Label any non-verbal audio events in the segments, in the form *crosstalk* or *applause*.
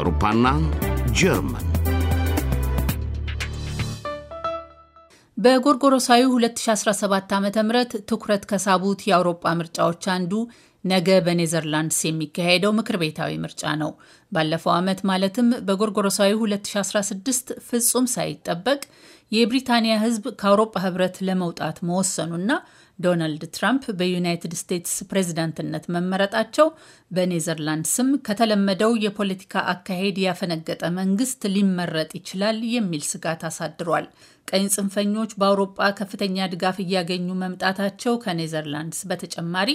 አውሮፓና ጀርመን በጎርጎሮሳዊ 2017 ዓ ም ትኩረት ከሳቡት የአውሮጳ ምርጫዎች አንዱ ነገ በኔዘርላንድስ የሚካሄደው ምክር ቤታዊ ምርጫ ነው። ባለፈው ዓመት ማለትም በጎርጎሮሳዊ 2016 ፍጹም ሳይጠበቅ የብሪታንያ ሕዝብ ከአውሮጳ ህብረት ለመውጣት መወሰኑና ዶናልድ ትራምፕ በዩናይትድ ስቴትስ ፕሬዝዳንትነት መመረጣቸው በኔዘርላንድ ስም ከተለመደው የፖለቲካ አካሄድ ያፈነገጠ መንግስት ሊመረጥ ይችላል የሚል ስጋት አሳድሯል። ቀኝ ጽንፈኞች በአውሮጳ ከፍተኛ ድጋፍ እያገኙ መምጣታቸው ከኔዘርላንድስ በተጨማሪ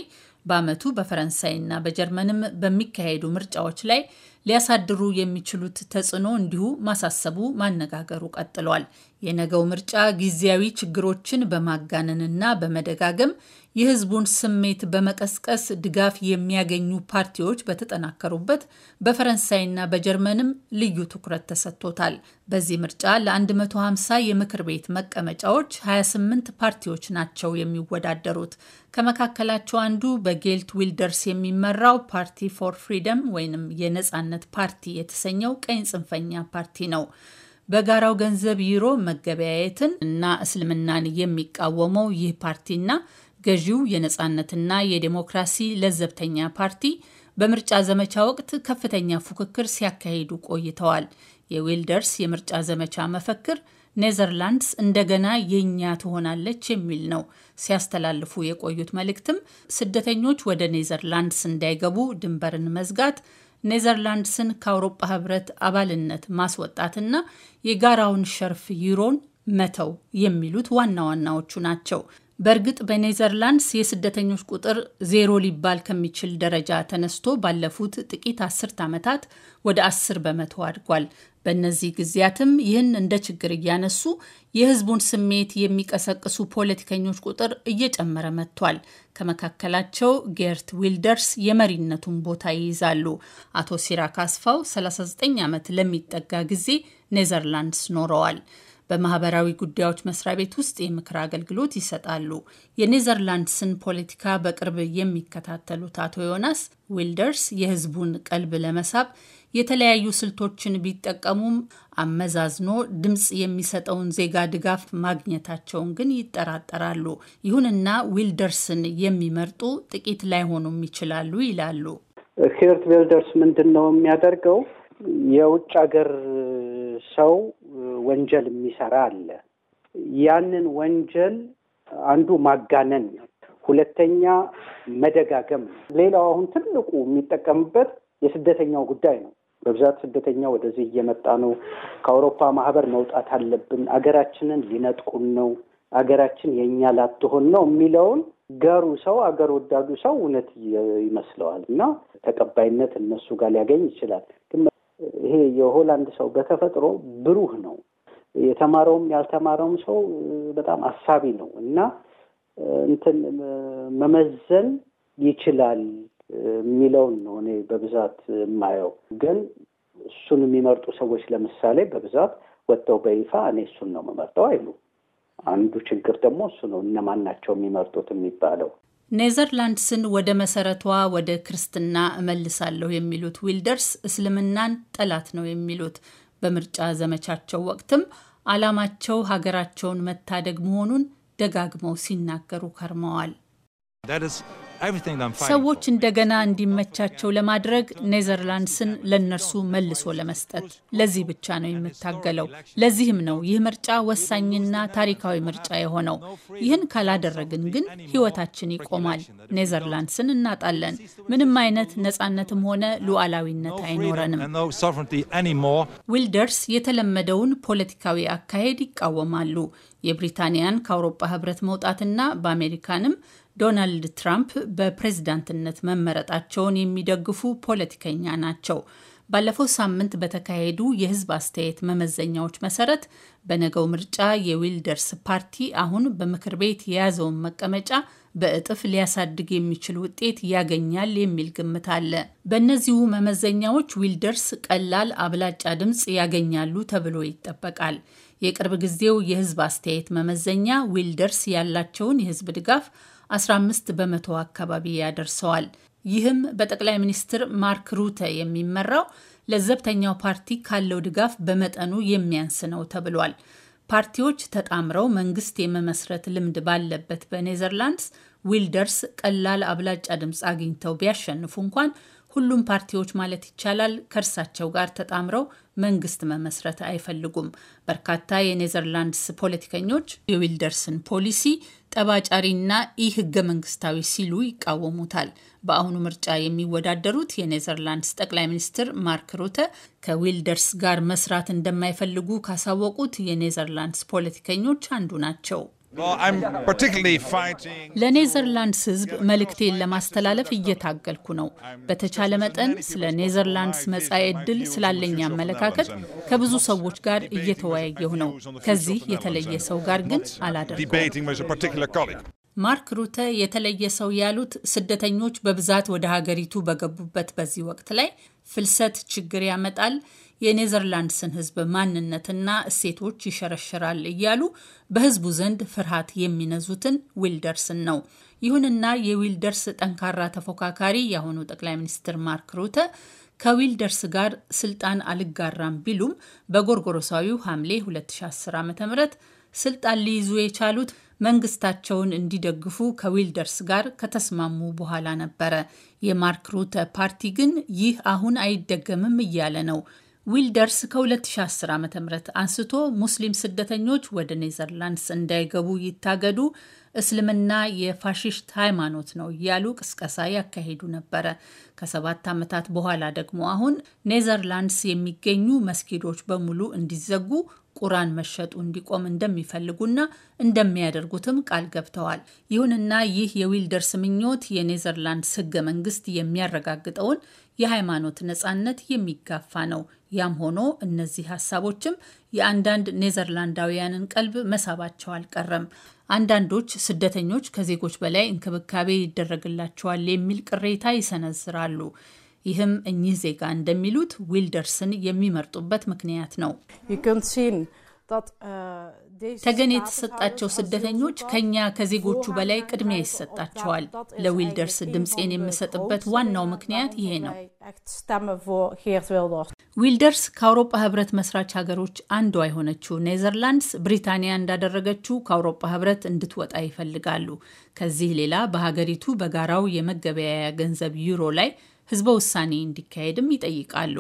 በአመቱ በፈረንሳይና በጀርመንም በሚካሄዱ ምርጫዎች ላይ ሊያሳድሩ የሚችሉት ተጽዕኖ እንዲሁ ማሳሰቡ ማነጋገሩ ቀጥሏል። የነገው ምርጫ ጊዜያዊ ችግሮችን በማጋነንና በመደጋገም የህዝቡን ስሜት በመቀስቀስ ድጋፍ የሚያገኙ ፓርቲዎች በተጠናከሩበት በፈረንሳይና በጀርመንም ልዩ ትኩረት ተሰጥቶታል። በዚህ ምርጫ ለ150 የምክር ቤት መቀመጫዎች 28 ፓርቲዎች ናቸው የሚወዳደሩት። ከመካከላቸው አንዱ በጌልት ዊልደርስ የሚመራው ፓርቲ ፎር ፍሪደም ወይም የነጻነት ነጻነት ፓርቲ የተሰኘው ቀኝ ጽንፈኛ ፓርቲ ነው። በጋራው ገንዘብ ዩሮ መገበያየትን እና እስልምናን የሚቃወመው ይህ ፓርቲና ገዢው የነጻነትና የዴሞክራሲ ለዘብተኛ ፓርቲ በምርጫ ዘመቻ ወቅት ከፍተኛ ፉክክር ሲያካሂዱ ቆይተዋል። የዊልደርስ የምርጫ ዘመቻ መፈክር ኔዘርላንድስ እንደገና የእኛ ትሆናለች የሚል ነው። ሲያስተላልፉ የቆዩት መልእክትም ስደተኞች ወደ ኔዘርላንድስ እንዳይገቡ ድንበርን መዝጋት፣ ኔዘርላንድስን ከአውሮፓ ህብረት አባልነት ማስወጣትና የጋራውን ሸርፍ ዩሮን መተው የሚሉት ዋና ዋናዎቹ ናቸው። በእርግጥ በኔዘርላንድስ የስደተኞች ቁጥር ዜሮ ሊባል ከሚችል ደረጃ ተነስቶ ባለፉት ጥቂት አስርት ዓመታት ወደ አስር በመቶ አድጓል። በእነዚህ ጊዜያትም ይህን እንደ ችግር እያነሱ የሕዝቡን ስሜት የሚቀሰቅሱ ፖለቲከኞች ቁጥር እየጨመረ መጥቷል። ከመካከላቸው ጌርት ዊልደርስ የመሪነቱን ቦታ ይይዛሉ። አቶ ሲራክ አስፋው 39 ዓመት ለሚጠጋ ጊዜ ኔዘርላንድስ ኖረዋል። በማህበራዊ ጉዳዮች መስሪያ ቤት ውስጥ የምክር አገልግሎት ይሰጣሉ። የኔዘርላንድስን ፖለቲካ በቅርብ የሚከታተሉት አቶ ዮናስ ዊልደርስ የህዝቡን ቀልብ ለመሳብ የተለያዩ ስልቶችን ቢጠቀሙም አመዛዝኖ ድምፅ የሚሰጠውን ዜጋ ድጋፍ ማግኘታቸውን ግን ይጠራጠራሉ። ይሁንና ዊልደርስን የሚመርጡ ጥቂት ላይሆኑም ይችላሉ ይላሉ። ሂርት ዊልደርስ ምንድን ነው የሚያደርገው? የውጭ ሀገር ሰው ወንጀል የሚሰራ አለ። ያንን ወንጀል አንዱ ማጋነን ነው። ሁለተኛ መደጋገም ነው። ሌላው አሁን ትልቁ የሚጠቀምበት የስደተኛው ጉዳይ ነው። በብዛት ስደተኛ ወደዚህ እየመጣ ነው። ከአውሮፓ ማህበር መውጣት አለብን፣ አገራችንን ሊነጥቁን ነው፣ አገራችን የእኛ ላትሆን ነው የሚለውን ገሩ ሰው አገር ወዳዱ ሰው እውነት ይመስለዋል እና ተቀባይነት እነሱ ጋር ሊያገኝ ይችላል። ግን ይሄ የሆላንድ ሰው በተፈጥሮ ብሩህ ነው። የተማረውም ያልተማረውም ሰው በጣም አሳቢ ነው እና እንትን መመዘን ይችላል የሚለውን ነው እኔ በብዛት የማየው። ግን እሱን የሚመርጡ ሰዎች ለምሳሌ በብዛት ወጥተው በይፋ እኔ እሱን ነው የምመርጠው አይሉ። አንዱ ችግር ደግሞ እሱ ነው፣ እነማን ናቸው የሚመርጡት የሚባለው። ኔዘርላንድስን ወደ መሰረቷ ወደ ክርስትና እመልሳለሁ የሚሉት ዊልደርስ እስልምናን ጠላት ነው የሚሉት በምርጫ ዘመቻቸው ወቅትም ዓላማቸው ሀገራቸውን መታደግ መሆኑን ደጋግመው ሲናገሩ ከርመዋል። ሰዎች እንደገና እንዲመቻቸው ለማድረግ ኔዘርላንድስን ለእነርሱ መልሶ ለመስጠት ለዚህ ብቻ ነው የምታገለው። ለዚህም ነው ይህ ምርጫ ወሳኝና ታሪካዊ ምርጫ የሆነው። ይህን ካላደረግን ግን ሕይወታችን ይቆማል። ኔዘርላንድስን እናጣለን። ምንም አይነት ነጻነትም ሆነ ሉዓላዊነት አይኖረንም። ዊልደርስ የተለመደውን ፖለቲካዊ አካሄድ ይቃወማሉ። የብሪታንያን ከአውሮፓ ህብረት መውጣትና በአሜሪካንም ዶናልድ ትራምፕ በፕሬዝዳንትነት መመረጣቸውን የሚደግፉ ፖለቲከኛ ናቸው። ባለፈው ሳምንት በተካሄዱ የህዝብ አስተያየት መመዘኛዎች መሰረት በነገው ምርጫ የዊልደርስ ፓርቲ አሁን በምክር ቤት የያዘውን መቀመጫ በእጥፍ ሊያሳድግ የሚችል ውጤት ያገኛል የሚል ግምት አለ። በእነዚሁ መመዘኛዎች ዊልደርስ ቀላል አብላጫ ድምፅ ያገኛሉ ተብሎ ይጠበቃል። የቅርብ ጊዜው የህዝብ አስተያየት መመዘኛ ዊልደርስ ያላቸውን የህዝብ ድጋፍ 15 በመቶ አካባቢ ያደርሰዋል። ይህም በጠቅላይ ሚኒስትር ማርክ ሩተ የሚመራው ለዘብተኛው ፓርቲ ካለው ድጋፍ በመጠኑ የሚያንስ ነው ተብሏል። ፓርቲዎች ተጣምረው መንግስት የመመስረት ልምድ ባለበት በኔዘርላንድስ ዊልደርስ ቀላል አብላጫ ድምፅ አግኝተው ቢያሸንፉ እንኳን ሁሉም ፓርቲዎች ማለት ይቻላል ከእርሳቸው ጋር ተጣምረው መንግስት መመስረት አይፈልጉም። በርካታ የኔዘርላንድስ ፖለቲከኞች የዊልደርስን ፖሊሲ ጠባጫሪና ኢ ህገ መንግስታዊ ሲሉ ይቃወሙታል። በአሁኑ ምርጫ የሚወዳደሩት የኔዘርላንድስ ጠቅላይ ሚኒስትር ማርክ ሩተ ከዊልደርስ ጋር መስራት እንደማይፈልጉ ካሳወቁት የኔዘርላንድስ ፖለቲከኞች አንዱ ናቸው። *laughs* ለኔዘርላንድስ ህዝብ መልእክቴን ለማስተላለፍ እየታገልኩ ነው። በተቻለ መጠን ስለ ኔዘርላንድስ መጻኤ ዕድል ስላለኝ አመለካከት ከብዙ ሰዎች ጋር እየተወያየሁ ነው። ከዚህ የተለየ ሰው ጋር ግን አላደርገውም። ማርክ ሩተ የተለየ ሰው ያሉት ስደተኞች በብዛት ወደ ሀገሪቱ በገቡበት በዚህ ወቅት ላይ ፍልሰት ችግር ያመጣል፣ የኔዘርላንድስን ሕዝብ ማንነትና እሴቶች ይሸረሽራል እያሉ በሕዝቡ ዘንድ ፍርሃት የሚነዙትን ዊልደርስን ነው። ይሁንና የዊልደርስ ጠንካራ ተፎካካሪ የአሁኑ ጠቅላይ ሚኒስትር ማርክ ሩተ ከዊልደርስ ጋር ስልጣን አልጋራም ቢሉም በጎርጎሮሳዊው ሐምሌ 2010 ዓ ም ስልጣን ሊይዙ የቻሉት መንግስታቸውን እንዲደግፉ ከዊልደርስ ጋር ከተስማሙ በኋላ ነበረ። የማርክ ሩተ ፓርቲ ግን ይህ አሁን አይደገምም እያለ ነው። ዊልደርስ ከ2010 ዓ ም አንስቶ ሙስሊም ስደተኞች ወደ ኔዘርላንድስ እንዳይገቡ ይታገዱ፣ እስልምና የፋሽስት ሃይማኖት ነው እያሉ ቅስቀሳ ያካሂዱ ነበረ። ከሰባት ዓመታት በኋላ ደግሞ አሁን ኔዘርላንድስ የሚገኙ መስጊዶች በሙሉ እንዲዘጉ ቁራን መሸጡ እንዲቆም እንደሚፈልጉና እንደሚያደርጉትም ቃል ገብተዋል። ይሁንና ይህ የዊልደርስ ምኞት የኔዘርላንድስ ህገ መንግስት የሚያረጋግጠውን የሃይማኖት ነጻነት የሚጋፋ ነው። ያም ሆኖ እነዚህ ሀሳቦችም የአንዳንድ ኔዘርላንዳውያንን ቀልብ መሳባቸው አልቀረም። አንዳንዶች ስደተኞች ከዜጎች በላይ እንክብካቤ ይደረግላቸዋል የሚል ቅሬታ ይሰነዝራሉ። ይህም እኚህ ዜጋ እንደሚሉት ዊልደርስን የሚመርጡበት ምክንያት ነው። uh, ተገን የተሰጣቸው ስደተኞች ከኛ ከዜጎቹ በላይ ቅድሚያ ይሰጣቸዋል። ለዊልደርስ ድምፄን የምሰጥበት ዋናው ምክንያት ይሄ ነው። ዊልደርስ ከአውሮፓ ህብረት መስራች ሀገሮች አንዷ የሆነችው ኔዘርላንድስ ብሪታንያ እንዳደረገችው ከአውሮፓ ህብረት እንድትወጣ ይፈልጋሉ። ከዚህ ሌላ በሀገሪቱ በጋራው የመገበያያ ገንዘብ ዩሮ ላይ ህዝበ ውሳኔ እንዲካሄድም ይጠይቃሉ።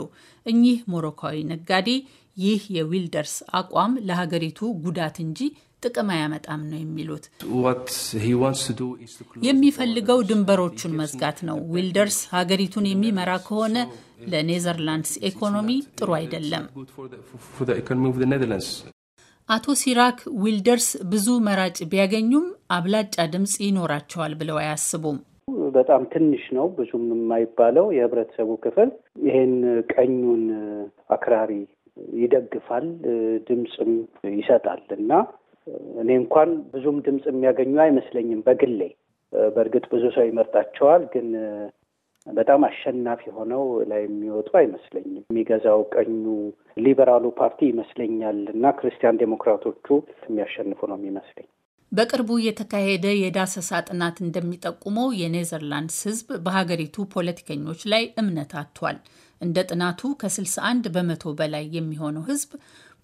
እኚህ ሞሮካዊ ነጋዴ ይህ የዊልደርስ አቋም ለሀገሪቱ ጉዳት እንጂ ጥቅም አያመጣም ነው የሚሉት። የሚፈልገው ድንበሮቹን መዝጋት ነው። ዊልደርስ ሀገሪቱን የሚመራ ከሆነ ለኔዘርላንድስ ኢኮኖሚ ጥሩ አይደለም። አቶ ሲራክ ዊልደርስ ብዙ መራጭ ቢያገኙም አብላጫ ድምፅ ይኖራቸዋል ብለው አያስቡም። በጣም ትንሽ ነው ብዙም የማይባለው የህብረተሰቡ ክፍል ይሄን ቀኙን አክራሪ ይደግፋል፣ ድምፅም ይሰጣል እና እኔ እንኳን ብዙም ድምፅ የሚያገኙ አይመስለኝም በግሌ። በእርግጥ ብዙ ሰው ይመርጣቸዋል፣ ግን በጣም አሸናፊ ሆነው ላይ የሚወጡ አይመስለኝም። የሚገዛው ቀኙ ሊበራሉ ፓርቲ ይመስለኛል እና ክርስቲያን ዴሞክራቶቹ የሚያሸንፉ ነው የሚመስለኝ። በቅርቡ የተካሄደ የዳሰሳ ጥናት እንደሚጠቁመው የኔዘርላንድስ ህዝብ በሀገሪቱ ፖለቲከኞች ላይ እምነት አጥቷል። እንደ ጥናቱ ከ61 በመቶ በላይ የሚሆነው ህዝብ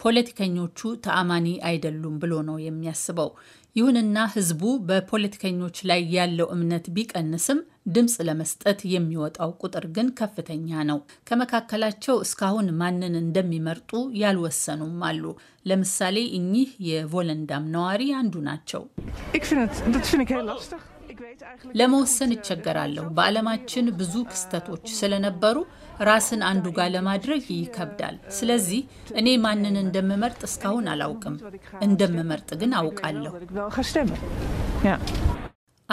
ፖለቲከኞቹ ተአማኒ አይደሉም ብሎ ነው የሚያስበው። ይሁንና ህዝቡ በፖለቲከኞች ላይ ያለው እምነት ቢቀንስም ድምፅ ለመስጠት የሚወጣው ቁጥር ግን ከፍተኛ ነው። ከመካከላቸው እስካሁን ማንን እንደሚመርጡ ያልወሰኑም አሉ። ለምሳሌ እኚህ የቮለንዳም ነዋሪ አንዱ ናቸው። ለመወሰን እቸገራለሁ። በዓለማችን ብዙ ክስተቶች ስለነበሩ ራስን አንዱ ጋር ለማድረግ ይከብዳል። ስለዚህ እኔ ማንን እንደምመርጥ እስካሁን አላውቅም። እንደምመርጥ ግን አውቃለሁ።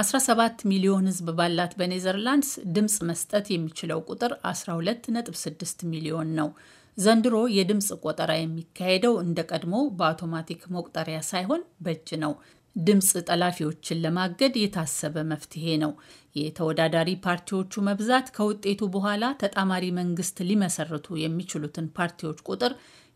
17 ሚሊዮን ሕዝብ ባላት በኔዘርላንድስ ድምፅ መስጠት የሚችለው ቁጥር 12.6 ሚሊዮን ነው። ዘንድሮ የድምፅ ቆጠራ የሚካሄደው እንደ ቀድሞ በአውቶማቲክ መቁጠሪያ ሳይሆን በእጅ ነው። ድምፅ ጠላፊዎችን ለማገድ የታሰበ መፍትሄ ነው። የተወዳዳሪ ፓርቲዎቹ መብዛት ከውጤቱ በኋላ ተጣማሪ መንግስት ሊመሰርቱ የሚችሉትን ፓርቲዎች ቁጥር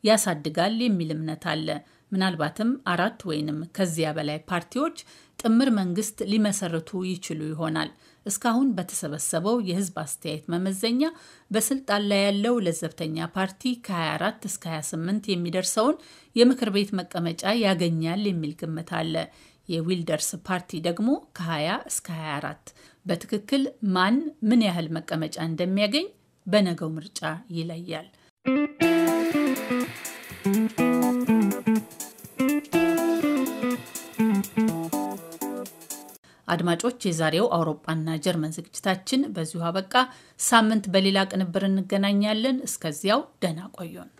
ያሳድጋል የሚል እምነት አለ። ምናልባትም አራት ወይንም ከዚያ በላይ ፓርቲዎች ጥምር መንግስት ሊመሰርቱ ይችሉ ይሆናል። እስካሁን በተሰበሰበው የህዝብ አስተያየት መመዘኛ በስልጣን ላይ ያለው ለዘብተኛ ፓርቲ ከ24 እስከ 28 የሚደርሰውን የምክር ቤት መቀመጫ ያገኛል የሚል ግምት አለ። የዊልደርስ ፓርቲ ደግሞ ከ20 እስከ 24 በትክክል ማን ምን ያህል መቀመጫ እንደሚያገኝ በነገው ምርጫ ይለያል። አድማጮች፣ የዛሬው አውሮፓና ጀርመን ዝግጅታችን በዚሁ አበቃ። ሳምንት በሌላ ቅንብር እንገናኛለን። እስከዚያው ደህና ቆዩን።